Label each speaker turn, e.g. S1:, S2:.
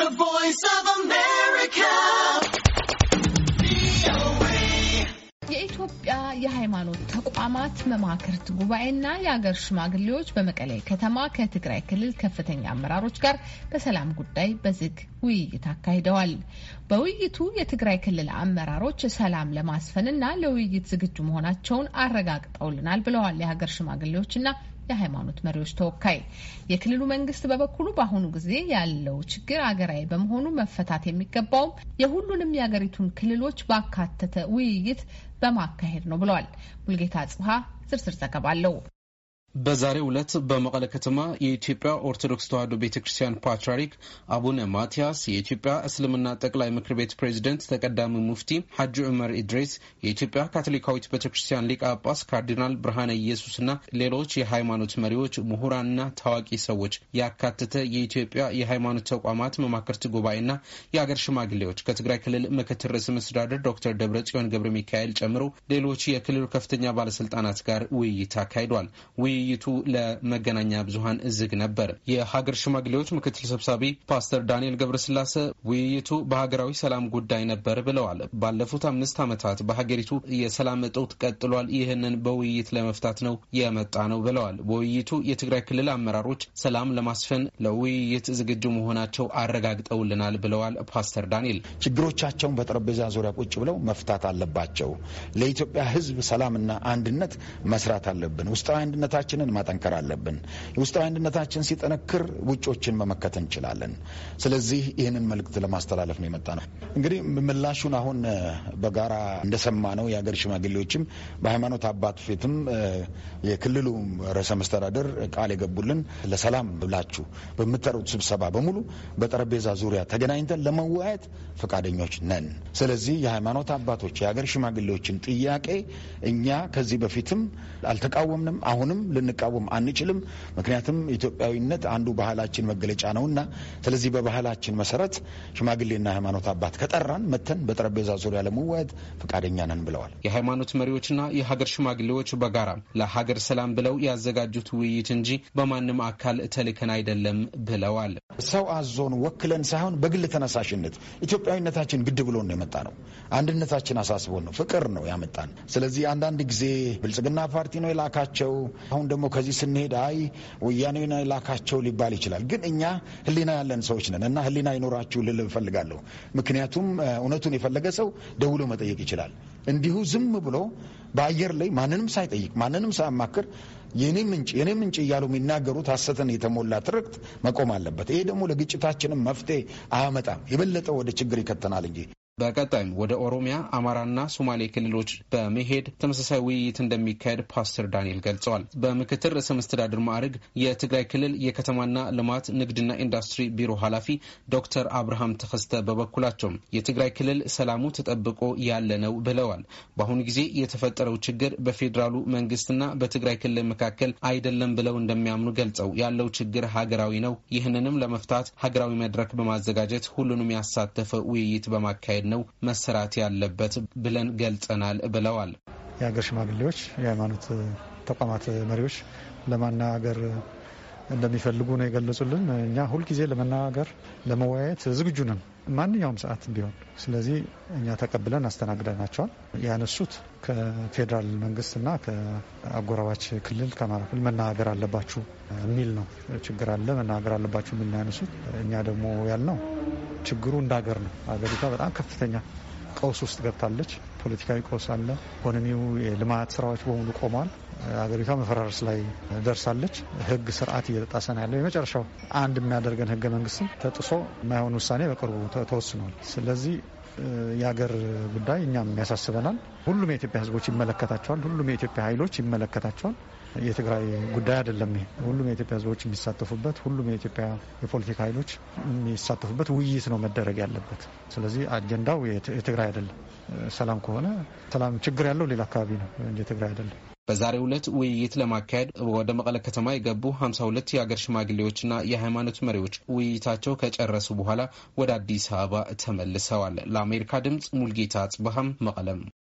S1: The Voice of America. የኢትዮጵያ የሃይማኖት ተቋማት መማክርት ጉባኤና የአገር ሽማግሌዎች በመቀሌ ከተማ ከትግራይ ክልል ከፍተኛ አመራሮች ጋር በሰላም ጉዳይ በዝግ ውይይት አካሂደዋል። በውይይቱ የትግራይ ክልል አመራሮች ሰላም ለማስፈንና ለውይይት ዝግጁ መሆናቸውን አረጋግጠውልናል ብለዋል የሀገር ሽማግሌዎችና የሃይማኖት መሪዎች ተወካይ። የክልሉ መንግስት በበኩሉ በአሁኑ ጊዜ ያለው ችግር አገራዊ በመሆኑ መፈታት የሚገባውም የሁሉንም የሀገሪቱን ክልሎች ባካተተ ውይይት በማካሄድ ነው ብለዋል። ሙልጌታ ጽሀ ዝርዝር ዘገባ አለው።
S2: በዛሬ ዕለት በመቀለ ከተማ የኢትዮጵያ ኦርቶዶክስ ተዋሕዶ ቤተ ክርስቲያን ፓትርያርክ አቡነ ማቲያስ፣ የኢትዮጵያ እስልምና ጠቅላይ ምክር ቤት ፕሬዚደንት ተቀዳሚ ሙፍቲ ሐጂ ዑመር ኢድሬስ፣ የኢትዮጵያ ካቶሊካዊት ቤተ ክርስቲያን ሊቀ ጳጳስ ካርዲናል ብርሃነ ኢየሱስና ሌሎች የሃይማኖት መሪዎች፣ ምሁራንና ታዋቂ ሰዎች ያካተተ የኢትዮጵያ የሃይማኖት ተቋማት መማክርት ጉባኤና የአገር ሽማግሌዎች ከትግራይ ክልል ምክትል ርዕሰ መስተዳደር ዶክተር ደብረ ጽዮን ገብረ ሚካኤል ጨምሮ ሌሎች የክልሉ ከፍተኛ ባለስልጣናት ጋር ውይይት አካሂዷል። ውይይቱ ለመገናኛ ብዙሀን ዝግ ነበር። የሀገር ሽማግሌዎች ምክትል ሰብሳቢ ፓስተር ዳንኤል ገብረስላሴ ውይይቱ በሀገራዊ ሰላም ጉዳይ ነበር ብለዋል። ባለፉት አምስት ዓመታት በሀገሪቱ የሰላም እጦት ቀጥሏል። ይህንን በውይይት ለመፍታት ነው የመጣ ነው ብለዋል። በውይይቱ የትግራይ ክልል አመራሮች ሰላም ለማስፈን ለውይይት ዝግጁ መሆናቸው አረጋግጠውልናል ብለዋል። ፓስተር ዳንኤል ችግሮቻቸውን በጠረጴዛ ዙሪያ ቁጭ ብለው መፍታት አለባቸው።
S3: ለኢትዮጵያ ሕዝብ ሰላምና አንድነት መስራት አለብን። ውስጣዊ አንድነታቸው አንድነታችንን ማጠንከር አለብን። የውስጣዊ አንድነታችን ሲጠነክር ውጮችን መመከት እንችላለን። ስለዚህ ይህንን መልእክት ለማስተላለፍ ነው የመጣ ነው። እንግዲህ ምላሹን አሁን በጋራ እንደሰማ ነው የሀገር ሽማግሌዎችም በሃይማኖት አባት ፊትም የክልሉ ርዕሰ መስተዳደር ቃል የገቡልን ለሰላም ብላችሁ በምትጠሩት ስብሰባ በሙሉ በጠረጴዛ ዙሪያ ተገናኝተን ለመወያየት ፈቃደኞች ነን። ስለዚህ የሃይማኖት አባቶች የሀገር ሽማግሌዎችን ጥያቄ እኛ ከዚህ በፊትም አልተቃወምንም፣ አሁንም ልንቃወም አንችልም። ምክንያቱም ኢትዮጵያዊነት አንዱ ባህላችን መገለጫ ነውና፣ ስለዚህ በባህላችን መሰረት ሽማግሌና ሃይማኖት አባት ከጠራን መተን በጠረጴዛ ዙሪያ ለመወያየት ፈቃደኛ ነን
S2: ብለዋል። የሃይማኖት መሪዎችና የሀገር ሽማግሌዎች በጋራ ለሀገር ሰላም ብለው ያዘጋጁት ውይይት እንጂ በማንም አካል ተልከን አይደለም ብለዋል። ሰው አዞን ወክለን
S3: ሳይሆን በግል ተነሳሽነት ኢትዮጵያዊነታችን ግድ ብሎ ነው የመጣ ነው። አንድነታችን አሳስቦን ነው፣ ፍቅር ነው ያመጣን። ስለዚህ አንዳንድ ጊዜ ብልጽግና ፓርቲ ነው የላካቸው አሁን ደግሞ ከዚህ ስንሄድ አይ ወያኔና ላካቸው ሊባል ይችላል። ግን እኛ ህሊና ያለን ሰዎች ነን እና ህሊና ይኖራችሁ ልል እፈልጋለሁ። ምክንያቱም እውነቱን የፈለገ ሰው ደውሎ መጠየቅ ይችላል። እንዲሁ ዝም ብሎ በአየር ላይ ማንንም ሳይጠይቅ ማንንም ሳያማክር የኔ ምንጭ የኔ ምንጭ እያሉ የሚናገሩት ሐሰትን የተሞላ ትርክት መቆም አለበት። ይሄ ደግሞ ለግጭታችንም መፍትሄ አያመጣም፣ የበለጠ ወደ ችግር ይከተናል እንጂ
S2: በቀጣይም ወደ ኦሮሚያ፣ አማራና ሶማሌ ክልሎች በመሄድ ተመሳሳይ ውይይት እንደሚካሄድ ፓስተር ዳንኤል ገልጸዋል። በምክትል ርዕሰ መስተዳድር ማዕረግ የትግራይ ክልል የከተማና ልማት ንግድና ኢንዱስትሪ ቢሮ ኃላፊ ዶክተር አብርሃም ተከስተ በበኩላቸው የትግራይ ክልል ሰላሙ ተጠብቆ ያለ ነው ብለዋል። በአሁኑ ጊዜ የተፈጠረው ችግር በፌዴራሉ መንግስትና በትግራይ ክልል መካከል አይደለም ብለው እንደሚያምኑ ገልጸው ያለው ችግር ሀገራዊ ነው። ይህንንም ለመፍታት ሀገራዊ መድረክ በማዘጋጀት ሁሉንም ያሳተፈ ውይይት በማካሄድ ነው መሰራት ያለበት ብለን ገልጸናል ብለዋል።
S4: የሀገር ሽማግሌዎች፣ የሃይማኖት ተቋማት መሪዎች ለማናገር እንደሚፈልጉ ነው የገለጹልን። እኛ ሁልጊዜ ለመናገር ለመወያየት ዝግጁ ነን ማንኛውም ሰዓት ቢሆን። ስለዚህ እኛ ተቀብለን አስተናግደናቸዋል። ያነሱት ከፌዴራል መንግስትና ከአጎራባች ክልል ከአማራ ክልል መናገር አለባችሁ የሚል ነው። ችግር አለ መናገር አለባችሁ የሚል ያነሱት። እኛ ደግሞ ያልነው ችግሩ እንዳገር ነው። አገሪቷ በጣም ከፍተኛ ቀውስ ውስጥ ገብታለች። ፖለቲካዊ ቀውስ አለ። ኢኮኖሚው፣ የልማት ስራዎች በሙሉ ቆሟል። አገሪቷ መፈራረስ ላይ ደርሳለች። ህግ ስርዓት እየተጣሰ ነው ያለው። የመጨረሻው አንድ የሚያደርገን ህገ መንግስትም ተጥሶ የማይሆን ውሳኔ በቅርቡ ተወስኗል። ስለዚህ የሀገር ጉዳይ እኛም ያሳስበናል። ሁሉም የኢትዮጵያ ህዝቦች ይመለከታቸዋል። ሁሉም የኢትዮጵያ ኃይሎች ይመለከታቸዋል። የትግራይ ጉዳይ አይደለም። ሁሉም የኢትዮጵያ ህዝቦች የሚሳተፉበት፣ ሁሉም የኢትዮጵያ የፖለቲካ ኃይሎች የሚሳተፉበት ውይይት ነው መደረግ ያለበት። ስለዚህ አጀንዳው የትግራይ አይደለም። ሰላም ከሆነ ሰላም ችግር ያለው ሌላ አካባቢ ነው እንጂ ትግራይ አይደለም።
S2: በዛሬው ዕለት ውይይት ለማካሄድ ወደ መቀለ ከተማ የገቡ 52 የአገር ሽማግሌዎችና የሃይማኖት መሪዎች ውይይታቸው ከጨረሱ በኋላ ወደ አዲስ አበባ ተመልሰዋል። ለአሜሪካ ድምፅ ሙልጌታ አጽብሃም መቀለም